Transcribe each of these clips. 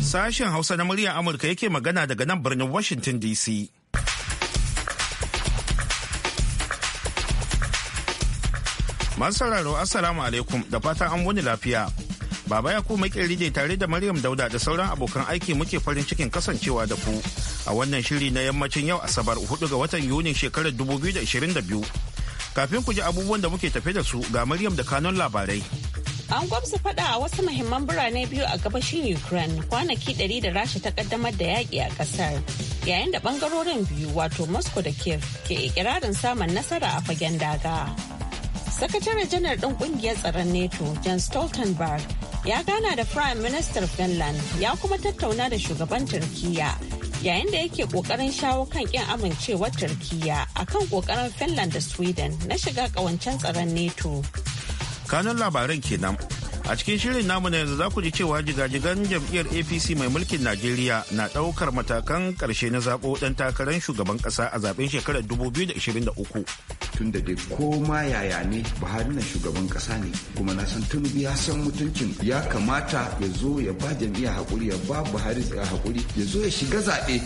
Sashen Hausa na muryar Amurka yake magana daga nan birnin Washington DC. Masu Assalamu alaikum da fatan an wani lafiya. Baba ya ku makirri tare da Maryam Dauda da sauran abokan aiki muke farin cikin kasancewa da ku a wannan shiri na yammacin yau asabar 4 ga watan yuni shekarar 2022 kafin ku ji abubuwan da muke tafe da su ga maryam da kanun labarai an gwamsa fada a wasu muhimman birane biyu a gabashin ukraine kwanaki 100 da rasha ta kaddamar da yaƙi a ƙasar yayin da ɓangarorin biyu wato moscow da kiev ke ikirarin samun nasara a fagen daga sakataren janar ɗin ƙungiyar tsaron nato jan stoltenberg ya gana da prime minister finland ya kuma tattauna da shugaban turkiyya yayin da yake kokarin shawo kan kin amincewar turkiya akan kokarin finland da sweden na shiga kawancen tsaron neto kanun labaran kenan a cikin shirin namu na yanzu za ku ji cewa jigajigan jam'iyyar apc mai mulkin najeriya na ɗaukar matakan ƙarshe na zaɓo ɗan takarar shugaban ƙasa a zaɓen shekarar 2023 tun da dai ma yaya ne buhari na shugaban kasa ne kuma na san tunubu ya san mutuncin ya kamata ya zo ya ba jami'a hakuri ya ba buhari hakuri ya zo ya shiga zaɓe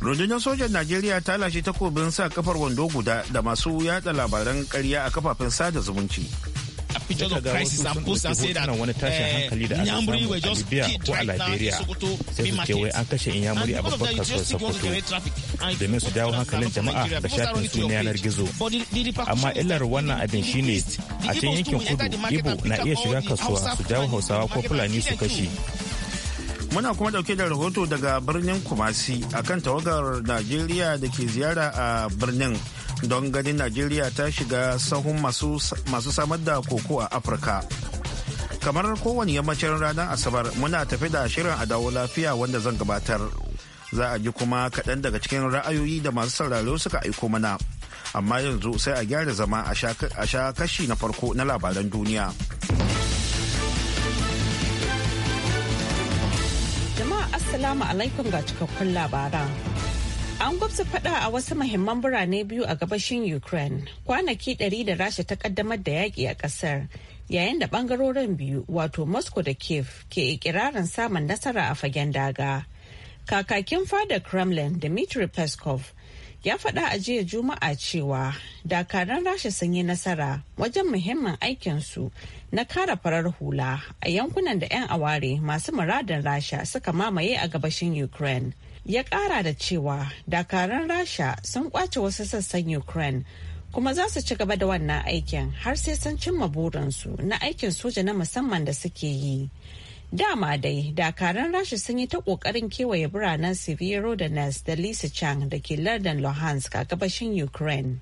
rundunar sojan najeriya ta lashe takobin sa kafar wando guda da masu yada labaran karya a kafafen sada zumunci because of crisis and post and say that eh, Nyamburi were just killed right now in Sokoto bi market. An kashe Nyamburi a babban kasuwar Sokoto domin su jawo hankalin jama'a da shafin su na yanar gizo. Amma illar wannan abin shine a can yankin kudu Ibo na iya shiga kasuwa su jawo Hausawa ko Fulani su kashe. Muna kuma dauke da rahoto daga birnin Kumasi akan tawagar Najeriya da ke ziyara a birnin. don ganin najeriya ta shiga sahun masu samar da koko a afirka kamar kowane yammacin ranar asabar muna tafi da shirin a dawo lafiya wanda zan gabatar za a ji kuma kaɗan daga cikin ra'ayoyi da masu sauraro suka aiko mana amma yanzu sai a gyara zama a sha kashi na farko na labaran duniya jama'a assalamu alaikum ga cikakkun labaran An gwabza faɗa a wasu mahimman birane biyu a gabashin Ukraine kwanaki ɗari da Rasha ta kaddamar da yaƙi a ƙasar yayin da ɓangarorin biyu wato Moscow da Kiev ke ikirarin samun nasara a fagen daga. Kakakin fada Kremlin Dmitry Peskov ya faɗa a jiya Juma'a cewa dakaran Rasha sun yi nasara wajen muhimmin aikinsu na kara farar hula a yankunan da 'yan aware masu muradin Rasha suka mamaye a gabashin Ukraine. ya kara da cewa dakaran rasha sun kwace wasu sassan ukraine kuma za su ci gaba da wannan aikin har sai sun cimma burinsu na aikin soja na musamman da suke yi dama dai dakaran rasha sun yi ta kokarin kewaye biranen severo da nes da chang da ke lardin luhansk a gabashin ukraine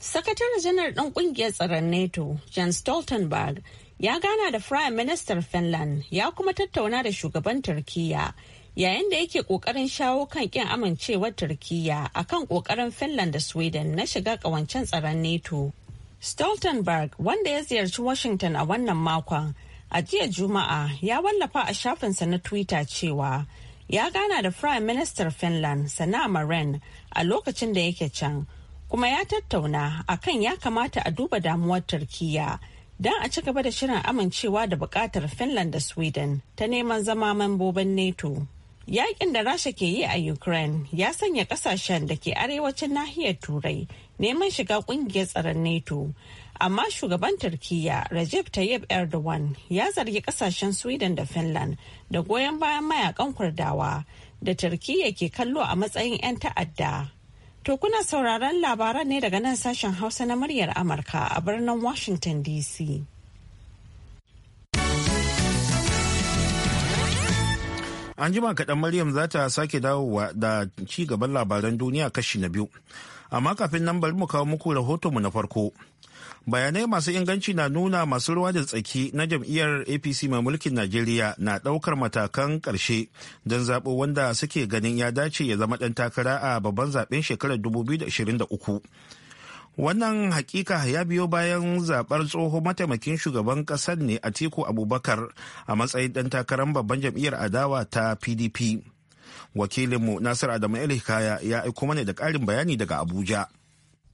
sakataren janar ɗan ƙungiyar tsaron nato jan stoltenberg ya gana da prime minister finland ya kuma tattauna da shugaban turkiyya yayin da yake kokarin shawo kan kin amincewar turkiya akan kokarin finland da sweden na shiga kawancen tsaron neto stoltenberg wanda ya ziyarci washington a wannan makon a jiya juma'a ya wallafa a shafinsa na twitter cewa ya gana da prime minister finland sana maren a lokacin da yake can kuma ya tattauna akan ya kamata a duba damuwar turkiya don a ci gaba da shirin amincewa da bukatar finland da sweden ta neman zama mambobin nato Yaƙin da Rasha ke yi a Ukraine ya sanya ƙasashen da ke arewacin nahiyar Turai neman shiga ƙungiyar tsaron NATO. Amma shugaban Turkiyya Recep Tayyip Erdogan ya zargi ƙasashen Sweden da Finland da goyon bayan mayakan Kurdawa da Turkiyya ke kallo a matsayin 'yan ta'adda. To kuna sauraron labaran ne daga nan sashen Hausa na muryar Amurka a birnin Washington DC. An jima kaɗan Maryam za ta sake dawowa da ci gaban labaran duniya kashi na biyu. Amma kafin nan bari mu kawo muku rahoton mu na farko. Bayanai masu inganci na nuna masu ruwa da tsaki na jam'iyyar APC mai mulkin Najeriya na ɗaukar matakan ƙarshe don zaɓo wanda suke ganin ya dace ya zama ɗan takara a babban zaɓen shekarar 2023. wannan hakika ya biyo bayan zaɓar tsoho mataimakin shugaban ƙasar ne a teku abubakar a matsayin ɗan takarar babban jam'iyyar adawa ta pdp wakilinmu nasir adamu el ya aiko mana da ƙarin bayani daga abuja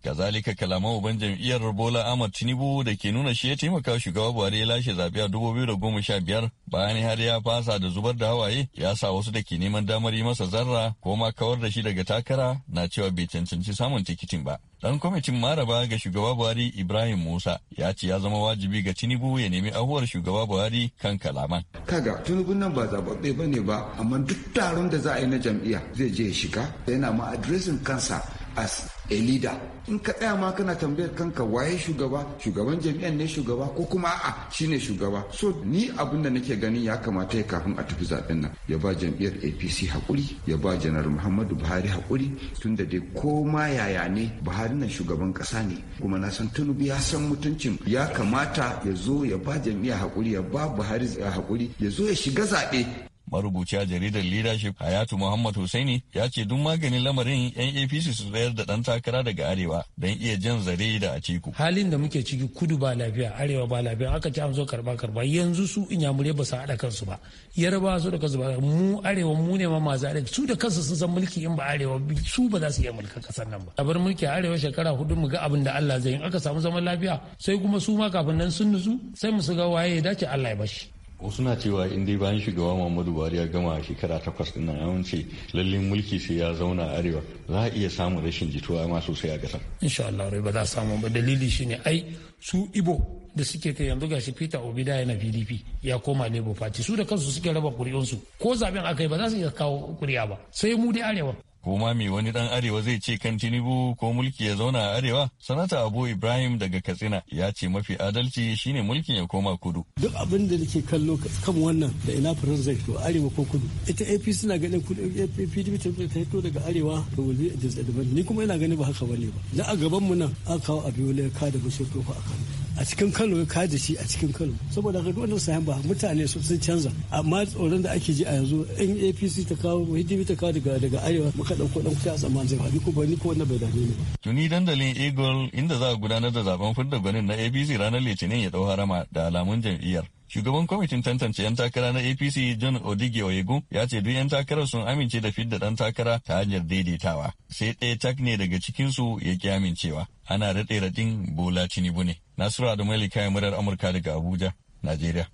Kazalika kalaman uban jam'iyyar Bola Ahmad Tinubu da ke nuna shi ya taimaka shugaba Buhari ya lashe zaɓe a biyu da goma sha biyar bayan har ya fasa da zubar da hawaye ya sa wasu da ke neman damar yi masa zarra ko ma kawar da shi daga takara na cewa bai cancanci samun tikitin ba. Dan kwamitin maraba ga shugaba Buhari Ibrahim Musa ya ce ya zama wajibi ga Tinubu ya nemi ahuwar shugaba Buhari kan kalaman. Kaga Tinubu nan ba zababbe ba ne ba amma duk taron da za a yi na jam'iyya zai je ya shiga yana ma adiresin kansa as a leader in ka tsaya ma kana tambayar kanka waye shugaba shugaban jami'an ne shugaba ko kuma a'a shine shugaba so ni abin da nake ganin ya kamata ya kafin a tafi zaɓen nan ya ba jami'ar APC haƙuri ya ba janar Muhammadu Buhari haƙuri tun da dai ko ma yaya ne Buhari nan shugaban ƙasa ne kuma na san Tinubu ya san mutuncin ya kamata ya zo ya ba jami'a haƙuri ya ba Buhari haƙuri ya zo ya shiga zaɓe marubuci a jaridar leadership hayatu muhammad husaini ya ce duk maganin lamarin yan apc su tsayar da dan takara daga arewa don iya jan zare da a atiku halin da muke ciki kudu ba lafiya arewa ba lafiya aka ci amso karba karba yanzu su inyamurai ba su haɗa kansu ba yarba su da kansu ba mu arewa mu ne ma masu arewa su da kansu sun san mulki in ba arewa su ba za su iya mulkin kasar nan ba a bar mulki arewa shekara hudu mu ga abin da Allah zai in aka samu zaman lafiya sai kuma su ma kafin nan sun nutsu sai mu su ga waye ya dace Allah ya bashi wasu na cewa in dai bayan shugaba muhammadu buhari ya gama shekara takwas din nan wuce mulki sai ya zauna arewa za a iya samun rashin jituwa ma sosai a gasa insha Allah rai ba za a samu ba dalili shine ai su ibo da suke ta yanzu gashi peter obi da yana pdp ya koma labour party su da kansu suke raba kuri'unsu ko zaben aka yi ba za su iya kawo kuri'a ba sai mu dai arewa ko ma me wani dan arewa zai ce kan tinubu ko mulki ya zauna a arewa sanata abu ibrahim daga katsina ya ce mafi adalci shine mulkin ya koma kudu duk abin da nake kallo kan wannan da ina firar zai to arewa ko kudu ita apc na ganin kudu pdp ta fito daga arewa to will be disadvantage ni kuma ina ganin ba haka bane ba da a gaban mu nan aka kawo abiola ya kada bashi ko a kano a cikin kano ya kaji shi a cikin kano saboda haka wannan sayan ba mutane sun canza amma tsoron da ake ji a yanzu in apc ta kawo pdp ta kawo daga arewa ka ɗauko ɗan kuɗi a zai faɗi ko ni ko wannan bai dame ni ba. Tuni dandalin Eagle inda za a gudanar da zaben fidda gwanin na ABC ranar Litinin ya ɗau harama da alamun jam'iyyar. Shugaban kwamitin tantance 'yan takara na APC John Odige Oyegun ya ce duk 'yan takarar sun amince da fidda ɗan takara ta hanyar daidaitawa. Sai ɗaya tak ne daga cikinsu ya ki amincewa. Ana raɗe-raɗin Bola Tinubu ne. Nasiru Adamu Ali kayan murar Amurka daga Abuja, Najeriya.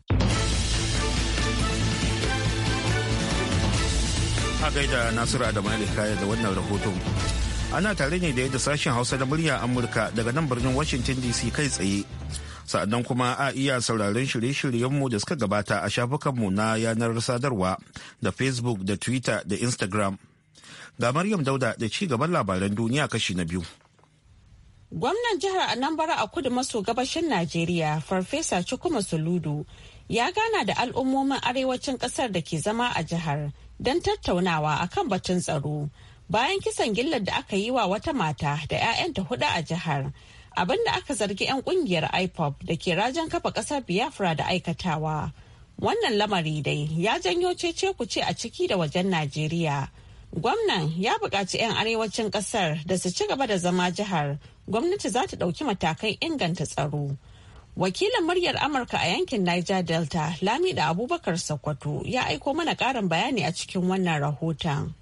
A gaida Nasiru Adamu Alikaya da wannan rahoton. Ana tare ne da yadda sashen Hausa da murya Amurka daga nan birnin Washington DC kai tsaye. sa'adan kuma a iya sauraron shirye-shiryenmu da suka gabata a shafukanmu na yanar sadarwa da Facebook da Twitter da Instagram. Ga Maryam Dauda da ci gaban labaran duniya kashi na biyu. Gwamnan jihar Anambra a kudu maso gabashin Najeriya, Farfesa Chukwuma Soludo, ya gana da al'ummomin arewacin kasar da ke zama a jihar don tattaunawa akan batun tsaro bayan kisan gillar da aka yi wa wata mata da 'ya'yanta hudu a jihar abinda aka zargi 'yan kungiyar ipop da ke rajen kafa kasar biafra da aikatawa wannan lamari dai ya janyo cece ce a ciki da wajen najeriya gwamnan ya buƙaci 'yan arewacin kasar da su ci gaba da zama jihar gwamnati za ta ɗauki matakan inganta tsaro Wakilin muryar Amurka a yankin Niger Delta, Lamida Abubakar Sokoto, ya aiko mana ƙarin bayani a cikin wannan rahoton.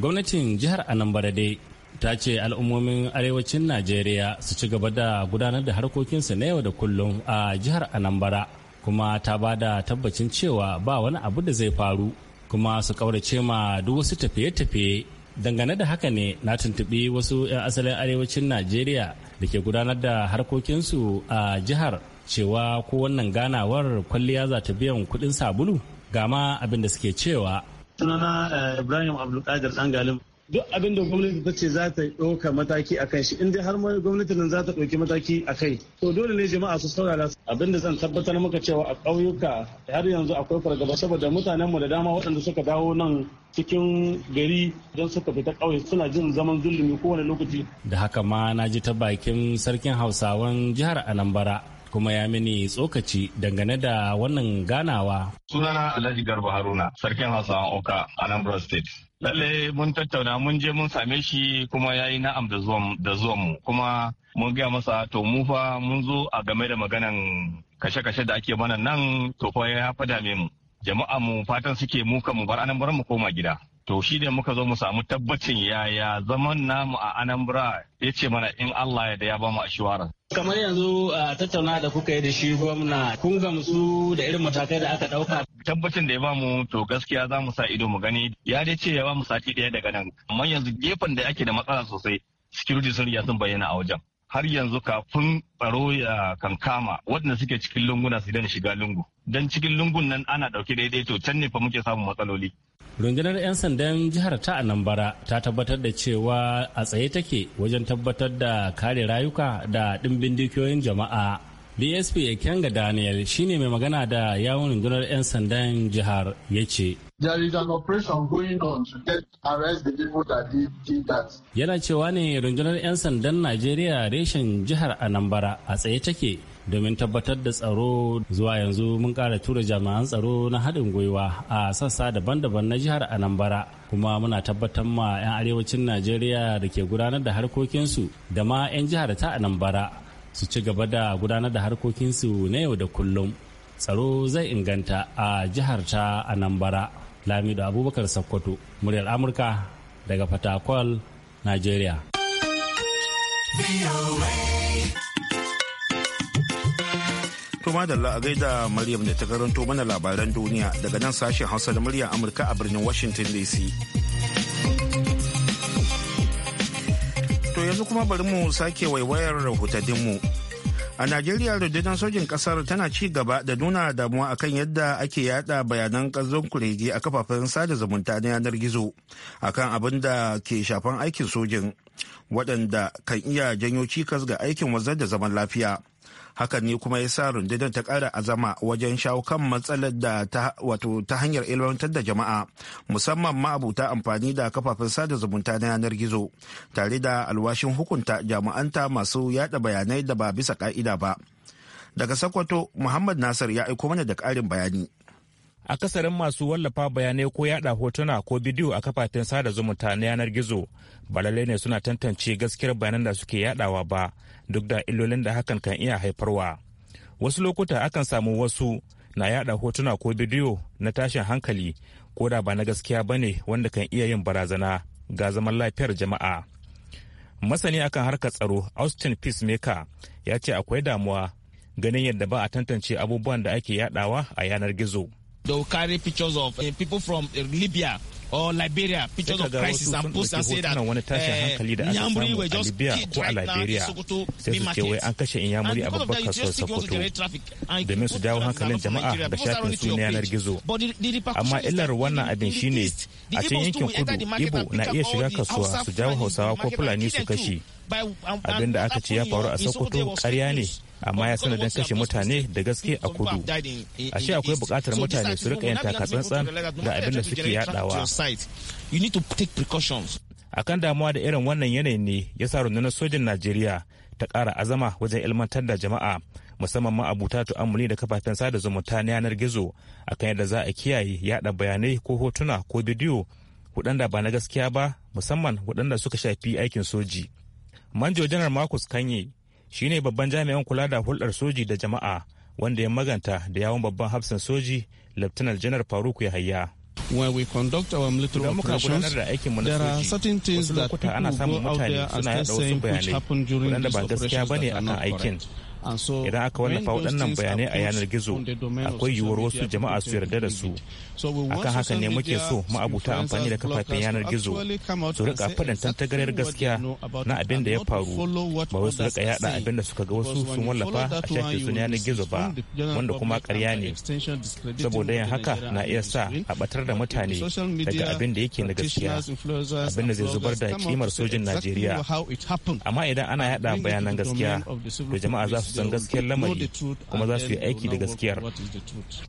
Gwamnatin jihar Anambra dai ta ce al'ummomin arewacin Najeriya su ci gaba da gudanar da harkokinsu na yau da kullum a jihar Anambra, kuma ta ba da tabbacin cewa ba wani abu da zai faru, kuma su kaurace ma duk wasu tafiye-tafiye. Dangane da haka ne na tuntuɓi wasu 'yan asalin arewacin Najeriya da ke gudanar da harkokinsu a jihar cewa ko wannan ganawar kwalliya za ta biyan kuɗin sabulu ga ma abin da suke cewa sunana eh, ibrahim abdulkadir dan galim duk abin da gwamnati ta ce za ta ɗauka mataki a kan shi in dai har gwamnati nan za ta ɗauki mataki a kai to dole ne jama'a su saurara abin da zan tabbatar maka cewa a ƙauyuka har yanzu akwai fargaba saboda mutanen mu da dama waɗanda suka dawo nan cikin gari don suka fita ƙauye suna jin zaman zulumi kowane lokaci da haka ma na ji ta bakin sarkin hausawan jihar anambra kuma ya mini tsokaci dangane da wannan ganawa. Sunana Alhaji Garba Haruna, Sarkin Hausawan Oka, Anambra State. Lalle mun tattauna mun je mun same shi kuma ya yi na'am da zuwan mu kuma mun gaya masa to mu fa mun zo a game da maganan kashe-kashe da ake mana nan to fa ya fada mu. jama'a mu fatan suke mu kan mu bar anambra mu koma gida to shi ne muka zo mu samu tabbacin yaya zaman namu a anambra ya ce mana in allah ya da ya ba mu ashiwaran kamar yanzu a tattauna da kuka yi da shi gwamna kun gamsu da irin matakai da aka dauka tabbacin da ya ba mu to gaskiya za mu sa ido mu gani ya dai ce ya ba mu sati daya daga nan amma yanzu gefen da ake da matsala sosai security sun riga sun bayyana a wajen har yanzu kafin tsaro ya kankama waɗanda suke cikin lunguna su daina shiga lungu don cikin lungun nan ana ɗauke daidai to can ne fa muke samun matsaloli rundunar 'yan sandan jihar ta anambara ta tabbatar da cewa a tsaye take wajen tabbatar da kare rayuka da dimbin dukiyoyin jama'a dsp ga daniel shine mai magana da yawon rundunar 'yan sandan jihar ya ce There is an operation going on to get arrest the people that did, did that. Yana cewa ne rundunar 'yan sandan Najeriya reshen jihar Anambra a tsaye take domin tabbatar da tsaro zuwa yanzu mun kara tura jami'an tsaro na haɗin gwiwa a sassa daban-daban na jihar anambara kuma muna tabbatar ma 'yan arewacin najeriya da ke gudanar da harkokinsu da ma 'yan jihar ta anambara su ci gaba da gudanar da harkokinsu na yau da kullum tsaro zai inganta a jihar ta anambara Lamido Abubakar Sokoto, muryar Amurka daga Fatakwal, Najeriya. Kuma da la'agai da Maryam da ta karanto mana labaran duniya daga nan sashen Hausa da muryar Amurka a birnin Washington DC. To yanzu kuma bari mu sake waiwayar rahotanninmu. mu. A Najeriya rundunar sojin kasar tana ci gaba da nuna damuwa akan yadda ake yada bayanan ƙanzon kurege a kafafen sada zumunta na yanar gizo akan abin da ke shafan aikin sojin waɗanda kan iya janyo cikas ga aikin wazar da zaman lafiya. hakan ne kuma ya sa rundunar ta ƙara azama wajen shawo kan matsalar da wato ta hanyar ilmantar da jama'a musamman ma ta amfani da kafafen sada zumunta na yanar gizo tare da alwashin hukunta jami'anta masu yada bayanai da ba bisa ka'ida ba daga sakwato muhammad nasir ya aiko mana da ƙarin bayani akasarin masu wallafa bayanai ko yada hotuna ko bidiyo a kafafen sada zumunta na yanar gizo ba lallai ne suna tantance gaskiyar bayanan da suke yadawa ba duk da illolin da hakan kan iya haifarwa wasu lokuta akan samu wasu na yada hotuna ko bidiyo na tashin hankali ko da ba na gaskiya ba ne wanda kan iya yin barazana ga zaman lafiyar jama'a masani akan harkar tsaro austin peacemaker ya ce akwai damuwa ganin yadda ba a tantance abubuwan da ake yadawa a yanar gizo They will carry pictures of uh, people from uh, Libya or Liberia, pictures of crisis and and say that eh, Nyambri were just sai su ce an kashe Inyamuri a babbar kasuwar Sokoto domin su jawo hankalin jama'a da shafin su na yanar gizo. Amma illar wannan abin shine a can yankin kudu Ibo na iya shiga kasuwa su jawo Hausawa ko Fulani su kashi um, Abin da um, aka ce ya faru a Sokoto karya ne amma ya sanadin kashe mutane da gaske a kudu a shi akwai bukatar mutane su rika yin takatsantsan da abin da suke yadawa akan damuwa da irin wannan yanayi ne ya sa rundunar sojin najeriya ta kara azama wajen ilmantar da jama'a musamman ma abuta amuli da kafafen sada zumunta na yanar gizo akan yadda za a kiyaye yada bayanai ko hotuna ko bidiyo waɗanda ba na gaskiya ba musamman waɗanda suka shafi aikin soji manjo janar marcus kanye shine babban jami'an kula da hulɗar soji da jama'a wanda ya maganta da yawon babban hafsan soji laftanar janar faruk yahaya when we conduct our military operations, there are certain things that people go out there and start saying which happened during these operations that are not idan aka wallafa waɗannan bayanai a yanar gizo akwai yiwuwar wasu jama'a su yarda da su akan haka ne muke so ma'abuta amfani da kafafen yanar gizo su rika faɗin tantagariyar gaskiya na abin da ya faru ba wasu rika yada abin da suka ga wasu sun wallafa a shafin su yanar gizo ba wanda kuma karya ne saboda yin haka na iya sa a batar da mutane daga abin da yake na gaskiya abin da zai zubar da kimar sojin najeriya amma idan ana yada bayanan gaskiya to jama'a za su san gaskiyar lamari kuma za su yi aiki da gaskiyar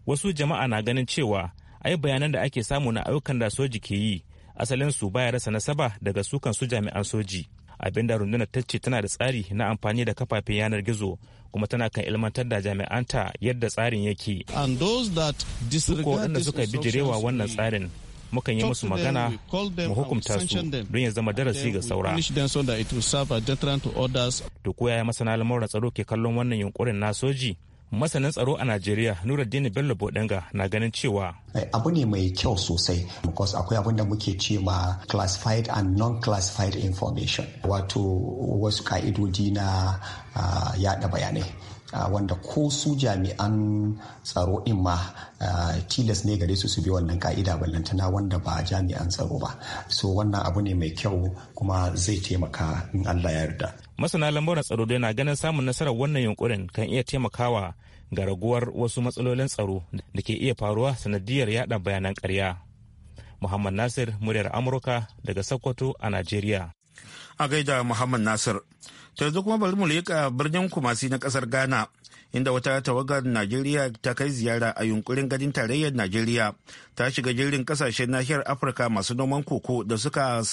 wasu jama'a na ganin cewa ai bayanan da ake samu na ayyukan da soji ke yi asalin su baya rasa nasaba daga sukan su jami'an soji abin da rundunar ta ce tana da tsari na amfani da kafafen yanar gizo kuma tana kan ilmantar da jami'anta yadda tsarin yake duk waɗanda suka bi bijirewa wannan tsarin mukan yi musu magana mu hukumta su don ya zama darasi ga saura da koya masana lamuran tsaro ke kallon wannan yunkurin na soji masanin tsaro a najeriya nuruddin bello bodanga na ganin cewa eh, abu ne mai kyau sosai because akwai abin da muke ce ma classified and non-classified information wato wasu ka'idodi na ah, yada bayanai ah, wanda ko su jami'an tsaro din ma ah, tilas ne gare su su bi wannan ka'ida ballantana wanda ba jami'an tsaro ba so wannan abu ne mai kyau kuma zai taimaka in allah ya yarda masana lamuran tsaro dai na ganin samun nasarar wannan yunkurin kan iya taimakawa ga raguwar wasu matsalolin tsaro da ke iya faruwa sanadiyar yada bayanan karya muhammad nasir muryar amurka daga sokoto a najeriya a gaida muhammad nasir to yanzu kuma bari mu leƙa birnin kumasi na ƙasar ghana inda wata tawagar najeriya ta kai ziyara a yunkurin ganin tarayyar najeriya ta shiga jirgin kasashen nahiyar afirka masu noman koko da suka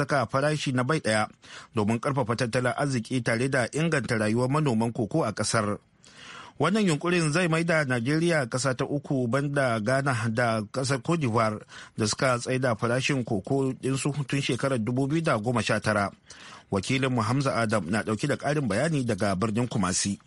saka farashi na bai daya domin karfafa tattalin arziki tare da inganta rayuwar manoman koko a kasar wannan yunkurin zai mai da najeriya kasa ta uku banda ghana da kasar cote d'ivoire da suka tsaida farashin koko dinsu tun shekarar 2019 wakilin hamza adam na dauki da karin bayani daga birnin kumasi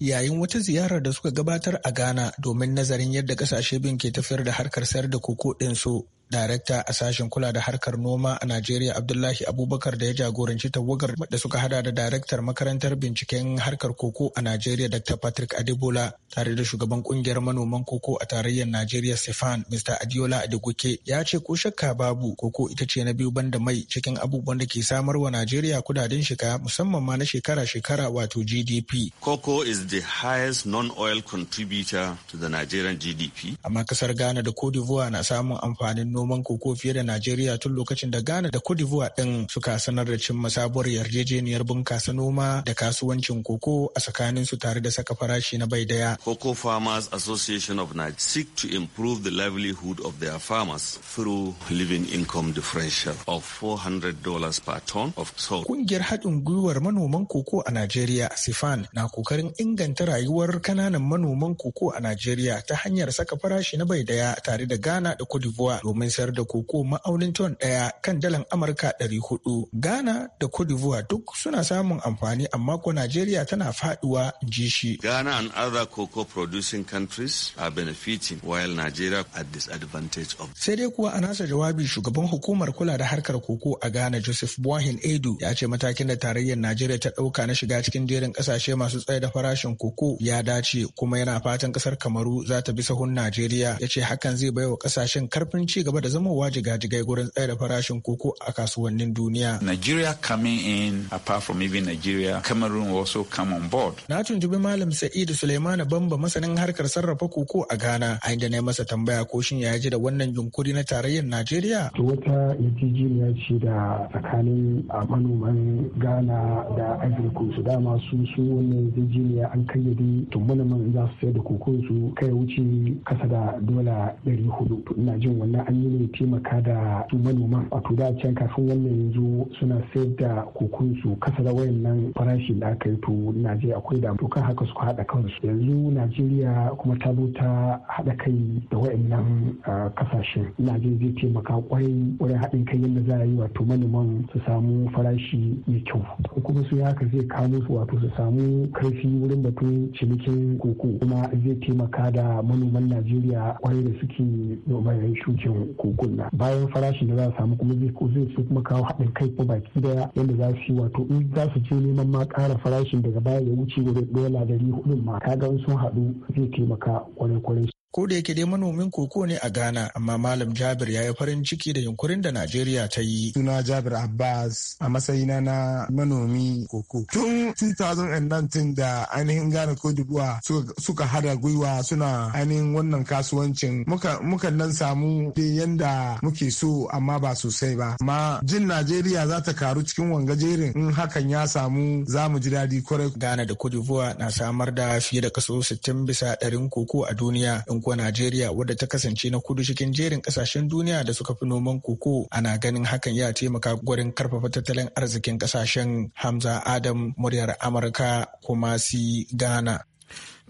yayin wata ziyarar da suka gabatar a Ghana domin nazarin yadda kasashe bin ke tafiyar da harkar sayar da koko ɗinsu. Darekta a sashen kula da harkar noma a Najeriya Abdullahi Abubakar da ya jagoranci tawagar da suka hada da daraktar makarantar binciken harkar koko a Najeriya Dr. Patrick Adebola tare da shugaban kungiyar manoman koko a tarayyar Najeriya Stefan Mr. Adiola Adeguke ya ce ko shakka babu koko ita ce na biyu banda mai cikin abubuwan da ke samar wa Najeriya kudaden shiga musamman ma na shekara-shekara wato GDP. Koko is the highest non-oil contributor to the Nigerian GDP. Amma kasar Ghana da Cote d'Ivoire na samun amfanin noman koko fiye da Najeriya tun lokacin da Ghana da Cote d'Ivoire din suka sanar da cimma sabuwar yarjejeniyar bunkasa noma da kasuwancin koko a tsakanin su tare da saka farashi na bai daya. Cocoa Farmers Association of Nigeria seek to improve the livelihood of their farmers through living income differential of $400 per ton of salt. Kungiyar haɗin gwiwar manoman koko a Najeriya Sifan na kokarin inganta rayuwar kananan manoman koko a Najeriya ta hanyar saka farashi na bai daya tare da Ghana da Cote d'Ivoire domin Kamfanin sayar da koko ma'aunin ton ɗaya kan dalan Amurka 400. Ghana da Cote d'Ivoire duk suna samun amfani amma ko Najeriya tana faduwa ji shi. Ghana and other cocoa producing countries are benefiting while Nigeria at disadvantage of. Sai dai kuwa a nasa jawabi shugaban hukumar kula da harkar koko a Ghana Joseph Boahin Edu ya ce matakin da tarayyar Najeriya ta ɗauka na shiga cikin jerin kasashe masu tsaye da farashin koko ya dace kuma yana fatan ƙasar Kamaru za ta bi sahun Najeriya ya ce hakan zai baiwa ƙasashen karfin ci gaba gaba da zamowa jigajigai gurin tsaya da farashin koko a kasuwannin duniya. Nigeria coming in apart from even Nigeria, Cameroon also come on board. Na tuntubi Malam Sa'idu Suleimana Bamba masanin harkar sarrafa koko a Ghana, a inda na masa tambaya ko shin ya ji da wannan yunkuri na tarayyar Najeriya. Wata yarjejeniya ce da tsakanin ah, manoman Ghana da Ivory Coast dama su su wannan yarjejeniya an kayyade tumbuna man za su sayar da koko su kai wuce kasa da dola 400. hudu. Ina jin wannan an yi ne taimaka da su manoman a da can kafin wannan yanzu suna sayar da kokunsu kasa da wayannan farashi da aka yi to najeriya akwai da kan haka suka haɗa kansu yanzu najeriya kuma ta zo ta haɗa kai da wayannan kasashen najeriya zai taimaka kwarai wurin haɗin kai yadda za a yi wato manoman su samu farashi mai kyau kuma su haka zai kamo su wato su samu karfi wurin batun cinikin koko kuma zai taimaka da manoman najeriya kwarai da suke noman shukin kukunna bayan farashin da za a samu kuma zai zai kuma kawo haɗin kai ko baki daya yadda za su yi wato in za su je neman ma ƙara farashin daga baya ya wuce wurin dola dari hudun ma kaga sun haɗu zai taimaka kwarai-kwarai Ko da yake dai manomin koko ne a Ghana, amma Malam Jabir ya yi farin ciki da yunkurin da Najeriya ta yi. Suna Jabir Abbas a matsayina na manomi koko. Tun 2019 da ainihin Ghana ko dubuwa suka hada gwiwa suna ainihin wannan kasuwancin muka nan samu da yanda muke so amma ba sosai ba. Amma jin Najeriya za ta karu cikin wanga jerin in hakan ya samu za mu ji daɗi kwarai. Ghana da Cote na samar da fiye da kaso 60 bisa ɗarin koko a duniya. Najeriya wadda ta kasance na kudu cikin jerin kasashen duniya da suka fi noman koko ana ganin hakan ya taimaka gurin karfafa tattalin arzikin kasashen Hamza Adam muryar Amurka Kumasi si Ghana.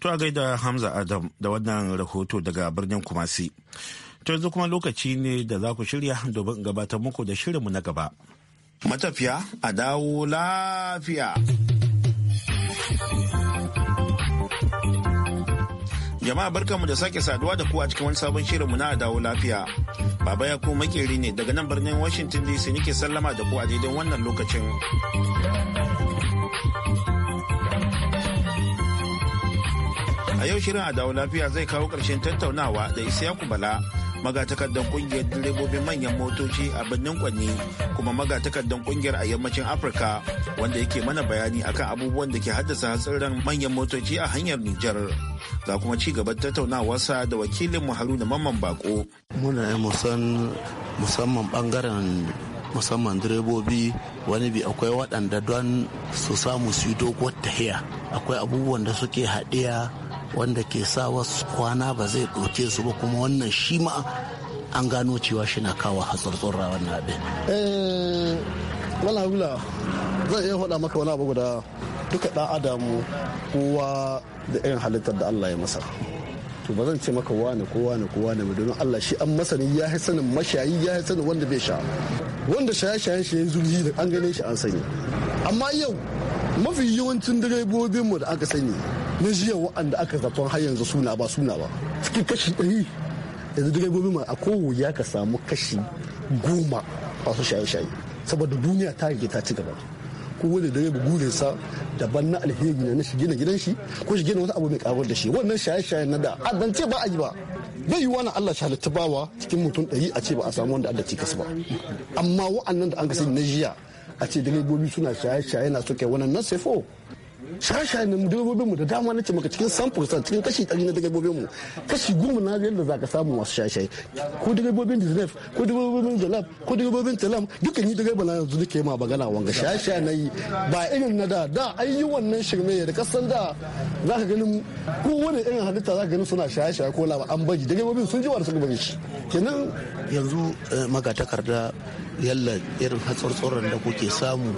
To a gaida Hamza Adam da wannan rahoto daga birnin Kumasi. To yanzu kuma lokaci ne da za ku shirya domin gabatar muku da shirinmu na gaba. Matafiya a dawo lafiya. Jama'a barkanmu da sake saduwa da ku a cikin wani sabon shirinmu na dawo lafiya. Baba ya ku makeri ne daga nan birnin Washington DC nake sallama da ku a daidai wannan lokacin. A yau shirin a dawo lafiya zai kawo ƙarshen tattaunawa da Isiyaku Bala magatakardar kungiyar direbobin manyan motoci a birnin kwanne kuma magatakardar kungiyar a yammacin afirka wanda yake mana bayani akan abubuwan da ke haddasa hatsarin manyan motoci a hanyar nijar za kuma ci gaban tattaunawarsa da wakilin mu haruna mamman bako muna musamman bangaren musamman direbobi wani bi akwai waɗanda don su samu su yi doguwar tahiya akwai abubuwan da suke haɗiya wanda ke sa wasu kwana ba zai ɗauke su ba kuma wannan shi ma an gano cewa shi na kawo hatsartsura wannan eh, abin. Wala wula zan iya faɗa maka wani abu guda duka ɗan adamu kowa da irin halittar da Allah ya masa. to ba zan ce maka wani kowa wane kowa wane ba domin Allah shi an masani ya yi sanin mashayi ya yi sanin wanda bai sha wanda shaye-shayen shi yayin zurfi da an gane shi an sanya. amma yau mafi yawancin direbobinmu da aka sanya na jiya wa'anda aka zaton har yanzu suna ba suna ba cikin kashi ɗari yanzu gobe ma a ya ka samu kashi goma masu shaye-shaye saboda duniya ta rige ta ci gaba da kowane gure sa daban na alheri na shi gina gidan shi ko shi gina wani abu mai karuwar da shi wannan shaye-shaye na da adance ba a yi ba bai yi wani Allah shalitta bawa cikin mutum ɗari a ce ba a samu wanda Allah cikas ba amma wa'annan da an sani na jiya a ce direbobi suna shaye-shaye na suke wannan na sefo shasha ne dabbobin mu da dama na ce maka cikin sa cikin kashi 100 na dabbobin mu kashi 10 na yadda zaka samu masu shasha ko dabbobin disney ko dabbobin jalab ko dabbobin talam dukkan ni dabba na yanzu nake ma bagana wanga shasha na yi ba irin na da da an yi wannan shirme da kasan da zaka ganin wani irin halitta zaka ganin suna shasha ko laba an baji dabbobin sun ji wa da suka bari shi kenan yanzu eh, magatakarda yalla irin hatsartsoron da kuke samu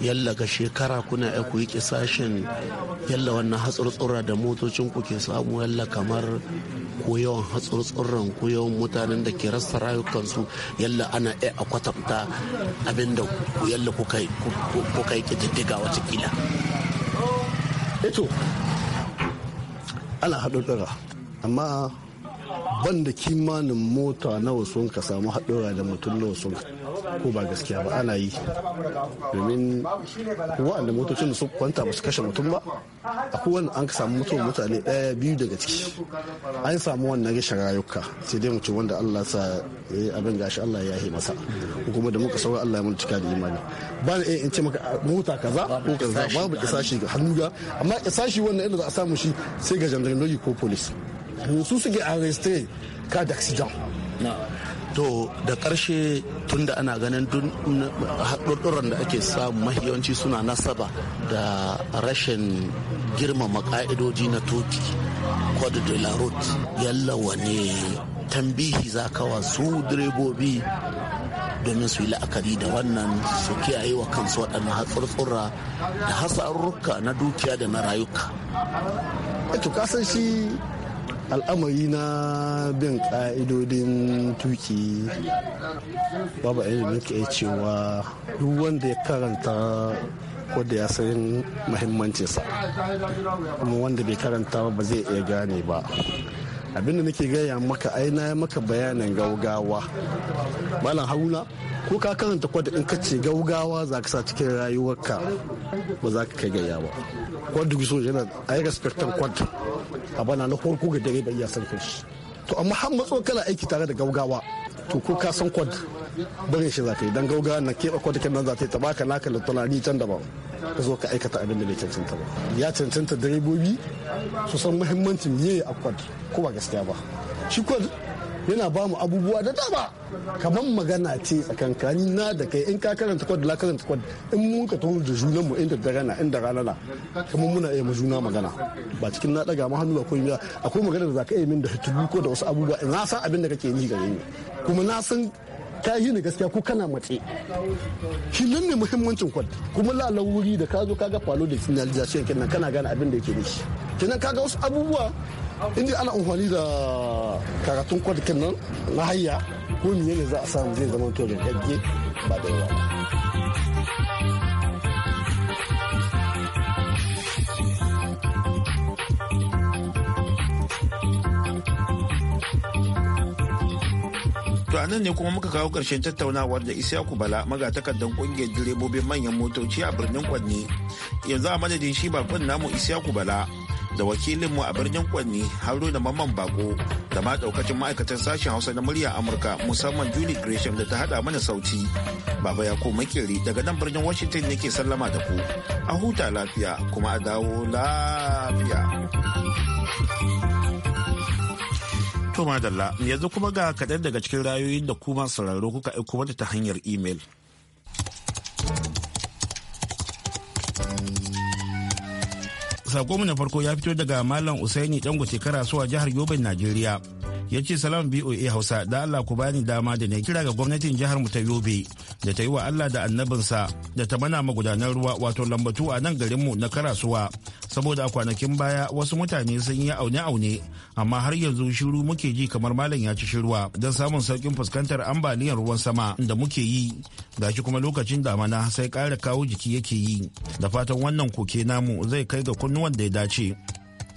yalla ga shekara kuna ku yi rashin yalla wannan hatsurtsura da motocin ku ke samu yalla kamar ko yawan hatsurtsuran ko yawan mutanen da ke rasa rayukansu yalla ana iya a kwatanta abinda yalla kuka yi ƙididdiga watakila. Eto, eh ana haɗurɗura, amma ban da kimanin mota nawa sun ka samu haɗura da mutum nawa sun ka. ko ba gaskiya ba ana yi domin wa'anda motocin da su kwanta ba su kashe mutum ba a wanda an samu mutuwar mutane ɗaya biyu daga ciki an samu wannan rashin rayuka sai dai mutum wanda Allah sa ya abin gashi Allah ya yi masa kuma da muka saura Allah ya mulki da imani ba na iya in ce maka mota kaza ko kaza babu kisashi ga hannu ga amma kisashi wannan inda za a samu shi sai ga jandarmeri ko polis su suke arrestate ka d'accident to da karshe da ana ganin haɗurɗuran da ake samu mahiyawanci suna nasaba da rashin girmama ƙa'idoji na toki code de la route yallawa ne tambihi za kawa su direbobi domin su yi la'akari da wannan su kiyaye wa kansu waɗannan hatsurtsura da hasarurruka na dukiya da na rayuka. Eto kasan shi al'amari na bin ƙa'idodin tuki babu da nake cewa duk wanda ya karanta ko da ya san muhimmancinsa kuma wanda bai karanta ba zai iya gane ba abinda nake gaya maka ai na maka bayanin gaugawa malam haruna ko ka karanta kwad in ka ce gaugawa za ka sa cikin rayuwarka ba za ka kai gaya ba kwad so yana ai respectan kwad a bana na farko ga dare da iya san to amma har matso kana aiki tare da gaugawa to ko ka san kwad barin shi za ka yi don gauga na keɓe kwatakin nan za ta yi tabaka naka da tunani can daban ka zo ka aikata abin da bai cancanta ba ya cancanta direbobi su san muhimmancin me a kwad ko ba gaskiya ba shi kwad yana ba mu abubuwa da dama kamar magana ce tsakankani na da kai in ka karanta kwad la karanta kwad in mun ka taho da junan mu inda da rana inda rana na kamar muna iya juna magana ba cikin na daga hannu koyi akwai magana da za ka iya min da hitubu ko da wasu abubuwa na san abin da kake yi gare ni kuma na san ka yi ni gaskiya ko kana matse shi nan ne muhimmancin kwad kuma lalawuri wuri da ka zo ka ga falo da signalization kenan kana gane abin da yake da shi kenan kaga wasu abubuwa inda ana amfani da karatun kwad kenan na hayya ko ne za a samu zai zama to da ba da yawa a nan ne kuma muka kawo ƙarshen tattaunawar da isyaku Bala magatakardan ƙungiyar direbobin manyan motoci a birnin Kwanni. Yanzu a madadin shi bakon namu Isiyaku Bala da wakilinmu a birnin Kwanni Haruna Mamman Bako da ma daukacin ma'aikatan sashen Hausa na murya Amurka musamman juli Gresham da ta hada mana sauti. Baba ya ko makeri daga nan birnin Washington nake sallama da ku. A huta lafiya kuma a dawo lafiya. To madalla yanzu kuma ga kaɗan daga cikin rayoyin da kuma sauraro kuka aiko mata ta hanyar imel. sakonmu na farko ya fito daga Malam Usaini Dangote Karasuwa jihar Yobe, Najeriya. ya ce salam voa hausa da allah ku bani dama da ne kira ga gwamnatin jihar mu ta yobe da ta yi wa allah da annabinsa da ta mana magudanar ruwa wato lambatu a nan garin mu na karasuwa saboda a kwanakin baya wasu mutane sun yi aune aune amma har yanzu shiru muke ji kamar malam ya ci shirwa don samun saukin fuskantar ambaliyar ruwan sama da muke yi gashi kuma lokacin damana sai kara kawo jiki yake yi da fatan wannan koke namu zai kai ga kunnuwan da ya dace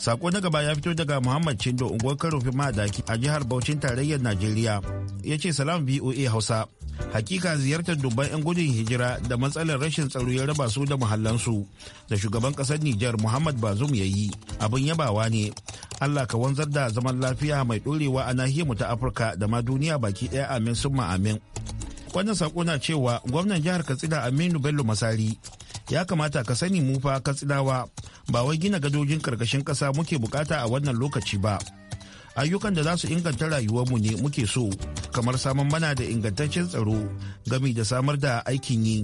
Sako na gaba ya fito daga Muhammad Chindo unguwar Karofin Madaki a jihar Bauchin tarayyar Najeriya. Ya ce salam VOA Hausa. Hakika ziyartar dubban 'yan gudun hijira da matsalar rashin tsaro ya raba su da muhallansu da shugaban kasar Nijar Muhammad Bazum ya yi abin yabawa ne. Allah ka wanzar da zaman lafiya mai ɗorewa a nahiyarmu ta Afirka da ma duniya baki ɗaya amin summa amin. Wannan sako na cewa gwamnan jihar Katsina Aminu Bello Masari ya kamata ka sani mu fa katsinawa ba wai gina gadojin karkashin ƙasa muke bukata a wannan lokaci ba ayyukan da za su inganta rayuwarmu ne muke so kamar samun mana da ingantaccen tsaro gami da samar da aikin yi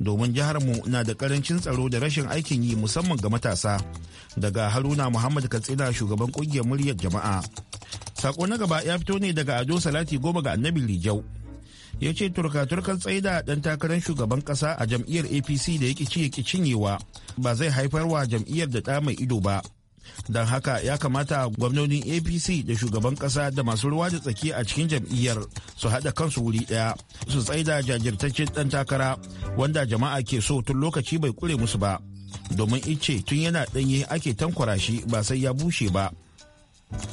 domin jihar mu na da karancin tsaro da rashin aikin yi musamman ga matasa daga haruna muhammad katsina shugaban kungiyar muryar jama'a sako na gaba ya fito ne daga ado salati goma ga annabi rijau ya ce turka-turkan tsaida dan takarar shugaban kasa a jam'iyyar apc da ya kici ya cinyewa ba zai haifar wa jam'iyyar da ɗa mai ido ba don haka ya kamata gwamnonin apc da shugaban kasa da masu ruwa da tsaki a cikin jam'iyyar su haɗa kansu wuri ɗaya su tsaida jajirtaccen ɗan takara wanda jama'a ke so tun lokaci bai kure musu ba domin ice tun yana ɗanye ake tankwara shi ba sai ya bushe ba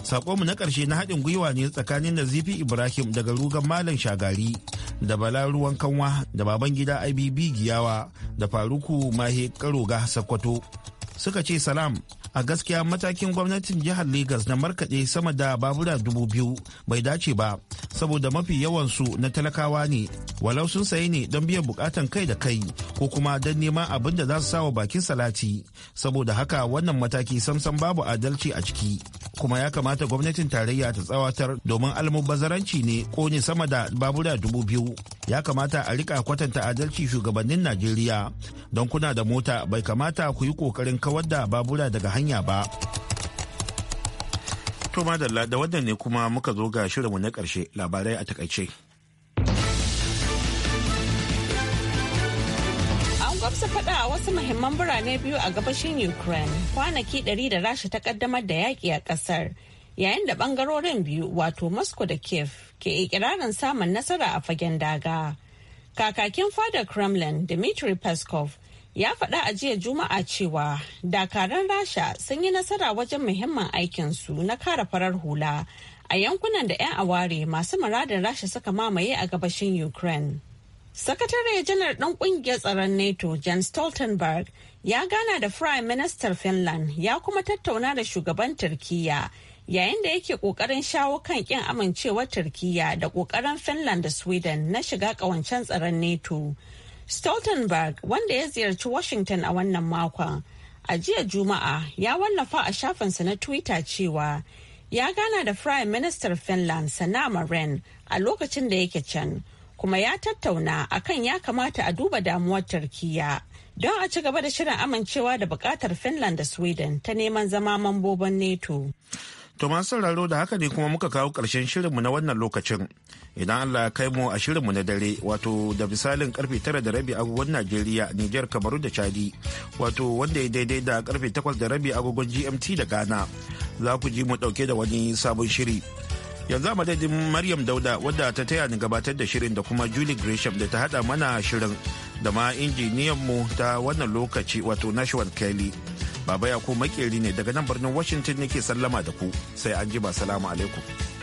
Sakonmu na ƙarshe na haɗin gwiwa ne tsakanin Nazifi Ibrahim daga rugan Malam Shagari da Bala Ruwan Kanwa da baban gida IBB Giyawa da Faruku Mahe Karoga sakwato Suka ce salam a gaskiya matakin gwamnatin jihar Legas na markaɗe sama da babura dubu biyu bai dace ba saboda mafi yawansu na talakawa ne walau sun sayi ne don biyan bukatan kai da kai ko kuma don neman abin da za su sawa bakin salati saboda haka wannan mataki samsam babu adalci a ciki. kuma ya kamata gwamnatin tarayya ta tsawatar domin almubazzaranci ne kone sama da babura dubu biyu ya kamata a rika kwatanta adalci shugabannin najeriya don kuna da mota bai kamata ku yi kokarin kawar da babura daga hanya ba to madalla da wannan ne kuma muka zo ga shirinmu na karshe labarai a takaice gwamsa faɗa a wasu muhimman birane biyu a gabashin Ukraine kwanaki ɗari da rasha ta kaddamar da yaƙi a ƙasar. Yayin da ɓangarorin biyu wato Moscow da Kiev ke ikirarin samun nasara a fagen daga. Kakakin fadar Kremlin Dmitry Peskov ya faɗa a jiya Juma'a cewa dakaran Rasha sun yi nasara wajen muhimman aikinsu na kara farar hula a yankunan da 'yan aware masu muradin Rasha suka mamaye a gabashin Ukraine. Sakatare janar ɗan ƙungiyar tsaron NATO, Jan Stoltenberg, ya gana da Prime Minister Finland ya kuma tattauna da shugaban Turkiyya yayin da yake ƙoƙarin shawo kan ƙin amincewar Turkiyya da ƙoƙarin Finland da Sweden na shiga ƙawancen tsaron NATO. Stoltenberg, wanda ya ziyarci Washington a wannan makon, a jiya Juma'a ya wallafa a shafinsa na Twitter cewa ya gana da Prime Minister Finland Sanna Marin a lokacin da yake can. kuma ya tattauna akan ya kamata a duba damuwar Turkiyya. don a ci gaba da shirin amincewa da bukatar Finland da Sweden ta neman zama mambobin NATO. To masu sauraro da haka ne kuma muka kawo ƙarshen shirinmu na wannan lokacin. Idan Allah ya kai mu a shirinmu na dare wato da misalin karfe tara da rabi agogon Najeriya, Nijar, Kamaru da Chadi wato wanda ya daidai da karfe takwas da rabi agogon GMT da Ghana. Za ku ji mu ɗauke da wani sabon shiri. yanzu a madadin maryam dauda wadda ta taya ni gabatar da shirin da kuma julie gresham da ta hada mana shirin da ma injiniyan mu ta wannan lokaci wato nashwan kelly baba ya ko makeri ne daga nan birnin washington nake sallama da ku sai an ji ba salamu alaikum